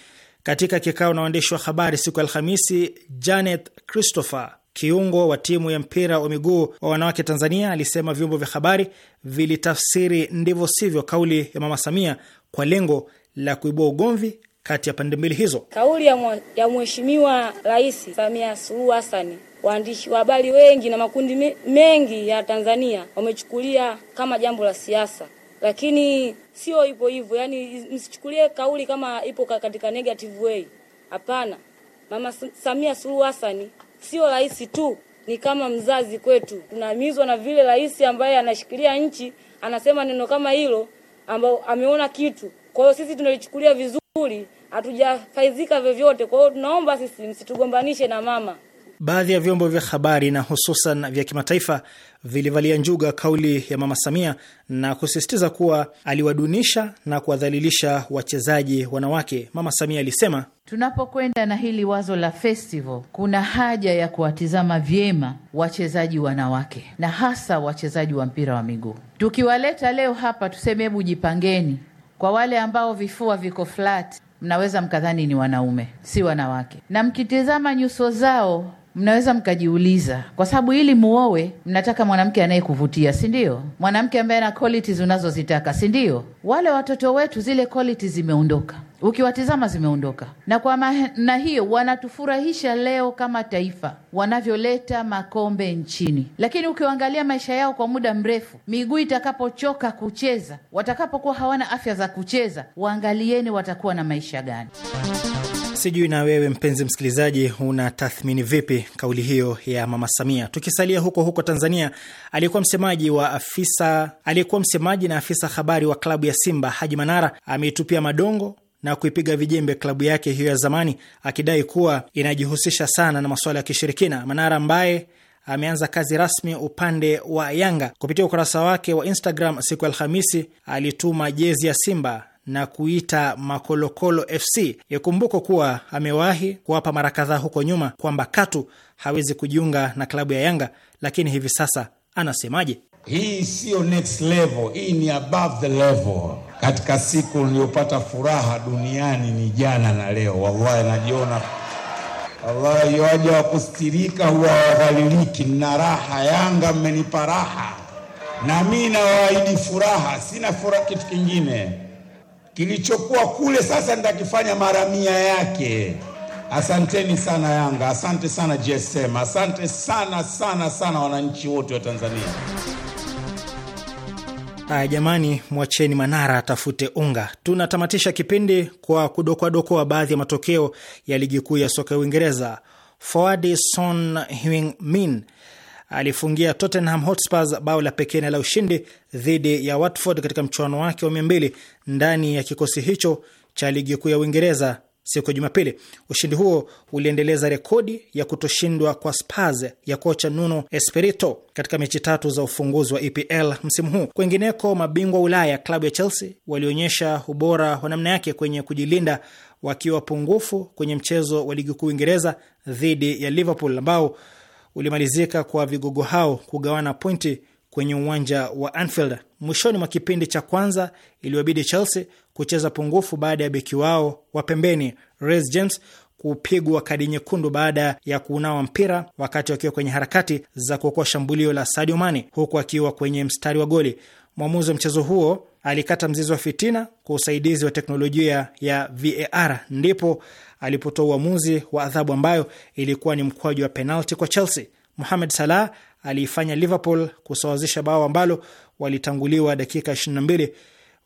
Katika kikao na waandishi wa habari siku ya Alhamisi, Janet Christopher, kiungo wa timu ya mpira wa miguu wa wanawake Tanzania, alisema vyombo vya habari vilitafsiri ndivyo sivyo kauli ya Mama Samia kwa lengo la kuibua ugomvi kati ya pande mbili hizo. Kauli ya Mheshimiwa Rais Samia Suluhu Hassan waandishi wa habari wengi na makundi me, mengi ya Tanzania wamechukulia kama jambo la siasa, lakini sio hivyo hivyo. Yani, msichukulie kauli kama ipo katika negative way, hapana. Mama Samia Suluhu Hassan sio rais tu, ni kama mzazi kwetu. Tunaamizwa na vile rais ambaye anashikilia nchi anasema neno kama hilo, ambao ameona kitu. Kwa hiyo sisi tunalichukulia vizuri hatujafaidhika vyovyote. Kwa hiyo tunaomba sisi msitugombanishe na mama. Baadhi ya vyombo vya habari na hususan vya kimataifa vilivalia njuga kauli ya Mama Samia na kusisitiza kuwa aliwadunisha na kuwadhalilisha wachezaji wanawake. Mama Samia alisema, tunapokwenda na hili wazo la festival, kuna haja ya kuwatizama vyema wachezaji wanawake na hasa wachezaji wa mpira wa miguu. Tukiwaleta leo hapa, tuseme hebu jipangeni. Kwa wale ambao vifua viko flat mnaweza mkadhani ni wanaume, si wanawake, na mkitizama nyuso zao mnaweza mkajiuliza, kwa sababu ili muowe mnataka mwanamke anayekuvutia, si ndio? Mwanamke ambaye ana qualities unazozitaka, si ndio? Wale watoto wetu zile qualities zimeondoka, ukiwatizama zimeondoka, na kwa maana hiyo wanatufurahisha leo kama taifa wanavyoleta makombe nchini, lakini ukiwaangalia maisha yao kwa muda mrefu, miguu itakapochoka kucheza, watakapokuwa hawana afya za kucheza, waangalieni watakuwa na maisha gani? Sijui na wewe mpenzi msikilizaji, una tathmini vipi kauli hiyo ya mama Samia? Tukisalia huko huko Tanzania, aliyekuwa msemaji wa afisa aliyekuwa msemaji na afisa habari wa klabu ya Simba Haji Manara ameitupia madongo na kuipiga vijembe klabu yake hiyo ya zamani, akidai kuwa inajihusisha sana na masuala ya kishirikina. Manara ambaye ameanza kazi rasmi upande wa Yanga kupitia ukurasa wake wa Instagram siku ya Alhamisi alituma jezi ya Simba na kuita Makolokolo FC. Yakumbuko kuwa amewahi kuwapa mara kadhaa huko nyuma kwamba katu hawezi kujiunga na klabu ya Yanga, lakini hivi sasa anasemaje? Hii siyo next level, hii ni above the level. Katika siku niliyopata furaha duniani ni jana na leo, wallahi najiona wallahi, waja wa kustirika huwa wadhaliliki. Nina raha, Yanga mmenipa raha, na mi nawaahidi furaha, sina furaha kitu kingine. Kilichokuwa kule sasa nitakifanya mara mia yake. Asanteni sana Yanga, asante sana GSM, asante sana sana sana wananchi wote wa Tanzania. Haya jamani, mwacheni Manara atafute unga. Tunatamatisha kipindi kwa kudokoadokoa baadhi ya matokeo ya ligi kuu ya soka ya Uingereza. Forward Son Heung-min alifungia Tottenham Hotspurs bao la pekee na la ushindi dhidi ya Watford katika mchuano wake wa mia mbili ndani ya kikosi hicho cha ligi kuu ya Uingereza siku ya Jumapili. Ushindi huo uliendeleza rekodi ya kutoshindwa kwa Spurs ya kocha Nuno Espirito katika mechi tatu za ufunguzi wa EPL msimu huu. Kwengineko, mabingwa Ulaya klabu ya Chelsea walionyesha ubora wa namna yake kwenye kujilinda wakiwa pungufu kwenye mchezo wa ligi kuu Uingereza dhidi ya Liverpool ambao ulimalizika kwa vigogo hao kugawana pointi kwenye uwanja wa Anfield. Mwishoni mwa kipindi cha kwanza, iliyobidi Chelsea kucheza pungufu baada ya beki wao wa pembeni Reece James kupigwa kadi nyekundu baada ya kuunawa mpira wakati wakiwa kwenye harakati za kuokoa shambulio la Sadio Mane huku akiwa kwenye mstari wa goli. Mwamuzi wa mchezo huo alikata mzizi wa fitina kwa usaidizi wa teknolojia ya VAR, ndipo alipotoa uamuzi wa adhabu ambayo ilikuwa ni mkwaju wa penalti kwa Chelsea. Mohamed Salah aliifanya Liverpool kusawazisha bao ambalo walitanguliwa dakika 22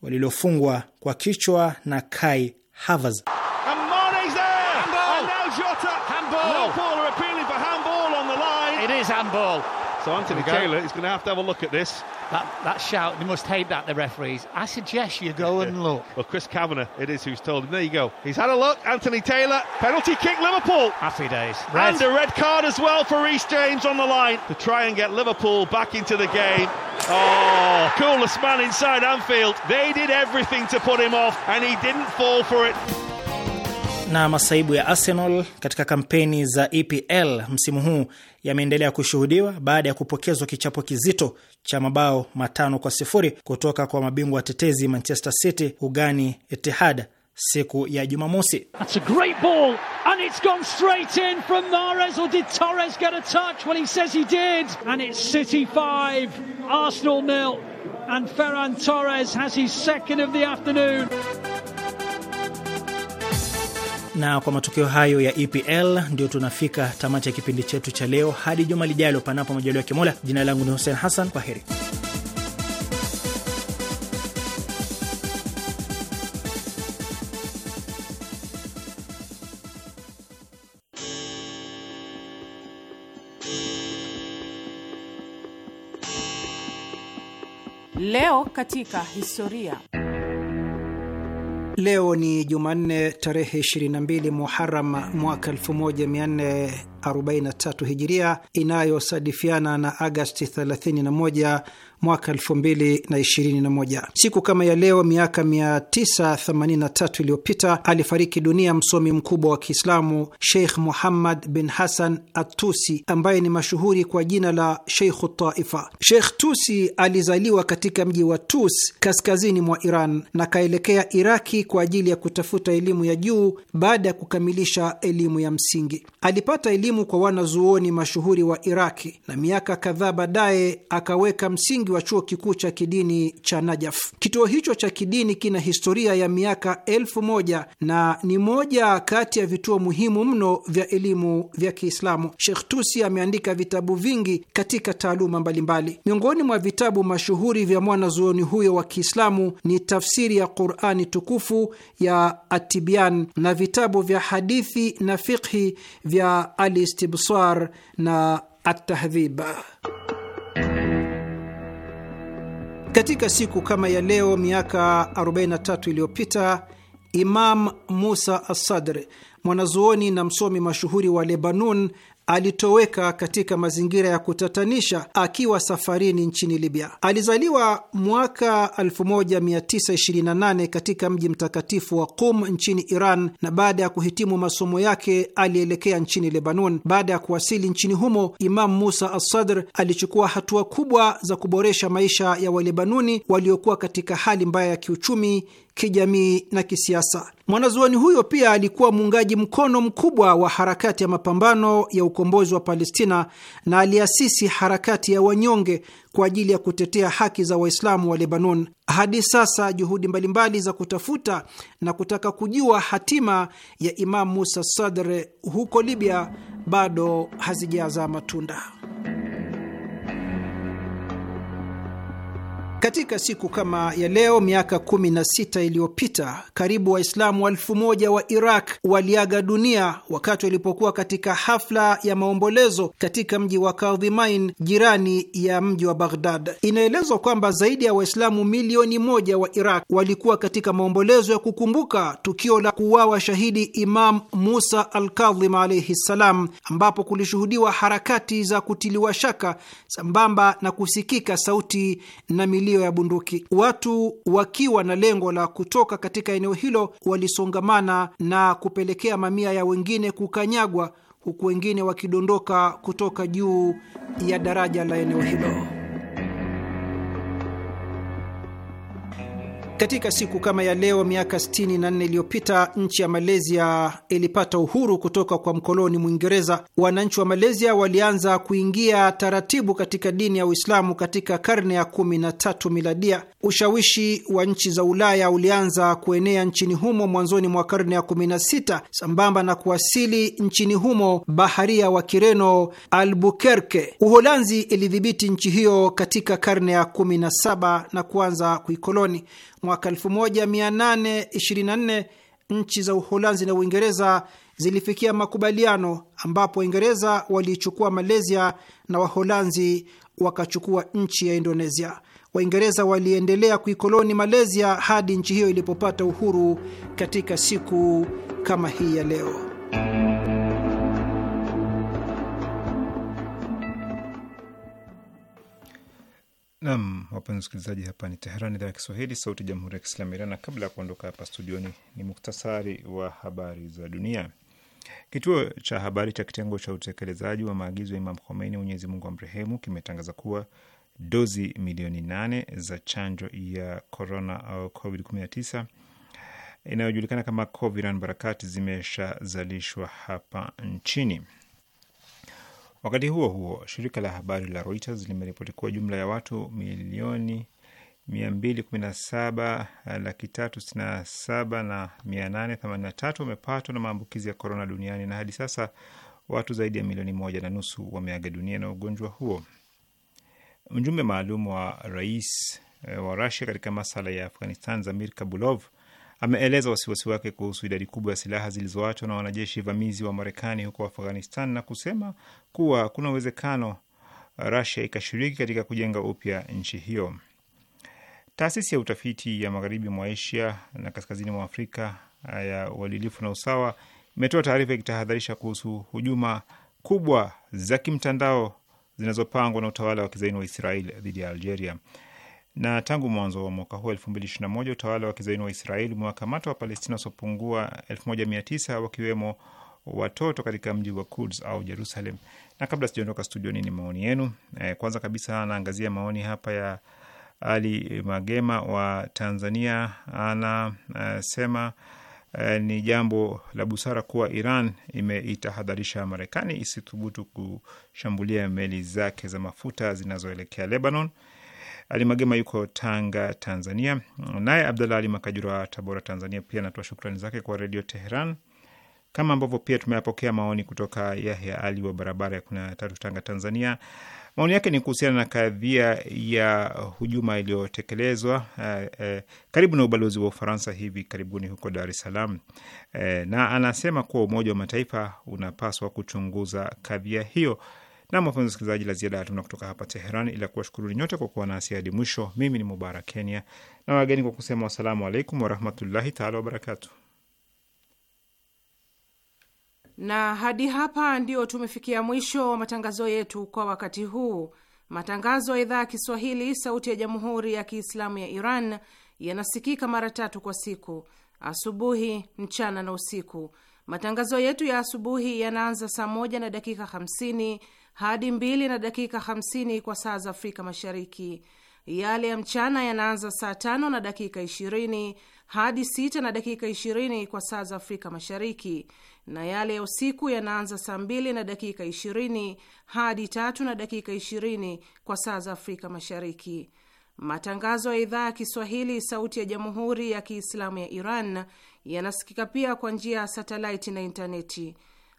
walilofungwa kwa kichwa na Kai Havertz. Handball. So Anthony Taylor is going to have to have a look at this. That, that shout, they must hate that, the referees. I suggest you go and look. Well, Chris Kavanagh, it is who's told him. There you go. He's had a look. Anthony Taylor, penalty kick, Liverpool. Happy days. Red. And a red card as well for Reece James on the line to try and get Liverpool back into the game. Oh, coolest man inside Anfield. They did everything to put him off, and he didn't fall for it. na masaibu ya Arsenal katika kampeni za EPL msimu huu yameendelea kushuhudiwa baada ya kupokezwa kichapo kizito cha mabao matano kwa sifuri kutoka kwa mabingwa watetezi Manchester City ugani Etihad siku ya Jumamosi. Arsenal nil and Ferran Torres has his second of the afternoon na kwa matokeo hayo ya EPL ndio tunafika tamati ya kipindi chetu cha leo. Hadi juma lijalo, panapo majaliwa ya Kimola. Jina langu ni Hussein Hassan, kwa heri. Leo katika historia Leo ni Jumanne tarehe 22 Muharam mwaka 1443 Hijiria, inayosadifiana na Agasti 31 mwaka 2021. Siku kama ya leo miaka 983 iliyopita alifariki dunia msomi mkubwa wa Kiislamu Sheikh Muhammad bin Hassan Atusi ambaye ni mashuhuri kwa jina la Sheikhu Taifa. Sheikh Tusi alizaliwa katika mji wa Tus kaskazini mwa Iran na kaelekea Iraki kwa ajili ya kutafuta elimu ya juu baada ya kukamilisha elimu ya msingi. Alipata elimu kwa wanazuoni mashuhuri wa Iraki na miaka kadhaa baadaye akaweka msingi wa chuo kikuu cha kidini cha Najaf. Kituo hicho cha kidini kina historia ya miaka elfu moja na ni moja kati ya vituo muhimu mno vya elimu vya Kiislamu. Sheikh Tusi ameandika vitabu vingi katika taaluma mbalimbali. Miongoni mwa vitabu mashuhuri vya mwanazuoni huyo wa Kiislamu ni tafsiri ya Qurani tukufu ya Atibian na vitabu vya hadithi na fiqhi vya Alistibsar na Atahdhiba. Katika siku kama ya leo miaka 43 iliyopita Imam Musa Assadr, mwanazuoni na msomi mashuhuri wa Lebanon, alitoweka katika mazingira ya kutatanisha akiwa safarini nchini Libya. Alizaliwa mwaka 1928 katika mji mtakatifu wa Qum nchini Iran, na baada ya kuhitimu masomo yake alielekea nchini Lebanon. Baada ya kuwasili nchini humo, Imamu Musa Assadr alichukua hatua kubwa za kuboresha maisha ya Walebanuni waliokuwa katika hali mbaya ya kiuchumi, kijamii na kisiasa. Mwanazuoni huyo pia alikuwa muungaji mkono mkubwa wa harakati ya mapambano ya ukombozi wa Palestina na aliasisi harakati ya wanyonge kwa ajili ya kutetea haki za Waislamu wa Lebanon. Hadi sasa juhudi mbalimbali za kutafuta na kutaka kujua hatima ya Imamu Musa Sadre huko Libya bado hazijazaa matunda. Katika siku kama ya leo miaka 16 iliyopita karibu Waislamu elfu moja wa Iraq waliaga dunia wakati walipokuwa katika hafla ya maombolezo katika mji wa Kadhimain jirani ya mji wa Baghdad. Inaelezwa kwamba zaidi ya Waislamu milioni moja wa Iraq walikuwa katika maombolezo ya kukumbuka tukio la kuuawa shahidi Imam Musa al-Kadhim alaihi ssalam, ambapo kulishuhudiwa harakati za kutiliwa shaka sambamba na kusikika sauti na milio milio ya bunduki. Watu wakiwa na lengo la kutoka katika eneo hilo walisongamana na kupelekea mamia ya wengine kukanyagwa, huku wengine wakidondoka kutoka juu ya daraja la eneo hilo. Katika siku kama ya leo miaka 64 iliyopita nchi ya Malaysia ilipata uhuru kutoka kwa mkoloni Mwingereza. Wananchi wa Malaysia walianza kuingia taratibu katika dini ya Uislamu katika karne ya 13 miladia. Ushawishi wa nchi za Ulaya ulianza kuenea nchini humo mwanzoni mwa karne ya 16 sambamba na kuwasili nchini humo baharia wa Kireno Albuquerque. Uholanzi ilidhibiti nchi hiyo katika karne ya 17 na kuanza kuikoloni. Mwaka 1824 nchi za Uholanzi na Uingereza zilifikia makubaliano ambapo Waingereza waliichukua Malaysia na Waholanzi wakachukua nchi ya Indonesia. Waingereza waliendelea kuikoloni Malaysia hadi nchi hiyo ilipopata uhuru katika siku kama hii ya leo. Nam, wapenzi msikilizaji, hapa ni Teherani, idhaa ya Kiswahili, sauti ya jamhuri ya kiislamu Iran. Na kabla ya kuondoka hapa studioni, ni, muktasari wa habari za dunia. Kituo cha habari cha kitengo cha utekelezaji wa maagizo ya Imam Khomeini, Mwenyezi Mungu amrehemu, kimetangaza kuwa dozi milioni nane za chanjo ya corona au covid-19 inayojulikana kama Coviran barakati zimeshazalishwa hapa nchini. Wakati huo huo, shirika la habari la Reuters limeripoti kuwa jumla ya watu milioni 217 eh, laki 367 na 883 wamepatwa na maambukizi ya korona duniani na hadi sasa watu zaidi ya milioni moja na nusu wameaga dunia na ugonjwa huo. Mjumbe maalum wa rais eh, wa Rasia katika masala ya Afghanistan, Zamir Kabulov, ameeleza wasiwasi wake kuhusu idadi kubwa ya silaha zilizoachwa na wanajeshi vamizi wa Marekani huko Afghanistan na kusema kuwa kuna uwezekano Rusia ikashiriki katika kujenga upya nchi hiyo. Taasisi ya utafiti ya magharibi mwa Asia na kaskazini mwa Afrika ah, ya uadilifu na usawa imetoa taarifa ikitahadharisha kuhusu hujuma kubwa za kimtandao zinazopangwa na utawala wa kizaini wa Israel dhidi ya Algeria na tangu mwanzo wa mwaka huu 2021 utawala wa kizaini wa Israeli umewakamata Wapalestina wasiopungua 1900 wakiwemo watoto katika mji wa Kuds au Jerusalem. Na kabla sijaondoka studioni, ni maoni yenu. E, kwanza kabisa anaangazia maoni hapa ya Ali Magema wa Tanzania, anasema eh, e, eh, ni jambo la busara kuwa Iran imeitahadharisha Marekani isithubutu kushambulia meli zake za mafuta zinazoelekea Lebanon. Ali Magema yuko Tanga, Tanzania. Naye abdalah Ali Makajura wa Tabora, Tanzania, pia anatoa shukrani zake kwa Redio Teheran, kama ambavyo pia tumeyapokea maoni kutoka Yahya Ali wa barabara ya kumi na tatu, Tanga, Tanzania. Maoni yake ni kuhusiana na kadhia ya hujuma iliyotekelezwa eh, eh, karibu na ubalozi wa Ufaransa hivi karibuni huko Dar es Salaam eh, na anasema kuwa Umoja wa Mataifa unapaswa kuchunguza kadhia hiyo na wapenzi msikilizaji, la ziada hatuna kutoka hapa Teheran ila kuwashukuruni nyote kwa kuwa nasi hadi mwisho. Mimi ni Mubarak Kenya na wageni kwa kusema wassalamu alaikum warahmatullahi taala wabarakatu. Na hadi hapa ndio tumefikia mwisho wa matangazo yetu kwa wakati huu. Matangazo ya idhaa ya Kiswahili sauti ya jamhuri ya Kiislamu ya Iran yanasikika mara tatu kwa siku: asubuhi, mchana na usiku. Matangazo yetu ya asubuhi yanaanza saa moja na dakika hamsini hadi mbili na dakika hamsini kwa saa za Afrika Mashariki. Yale ya mchana yanaanza saa tano na dakika ishirini hadi sita na dakika ishirini kwa saa za Afrika Mashariki, na yale ya usiku yanaanza saa mbili na dakika ishirini hadi tatu na dakika ishirini kwa saa za Afrika Mashariki. Matangazo ya idhaa ya Kiswahili sauti ya Jamhuri ya Kiislamu ya Iran yanasikika pia kwa njia ya satelaiti na intaneti.